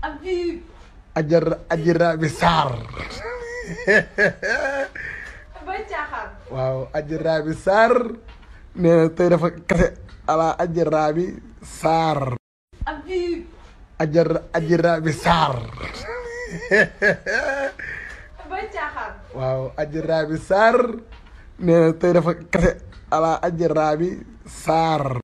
Habib. Ajara Ajara bi Sarr. bay caaxaan. waaw Ajara bi Sarr nee na tey dafa kase ala Ajara bi Sarr. Habib. Ajara Ajara bi Sarr. bay caaxaan. waaw Ajara bi Sarr nee na tey dafa kase ala Ajara bi Sarr.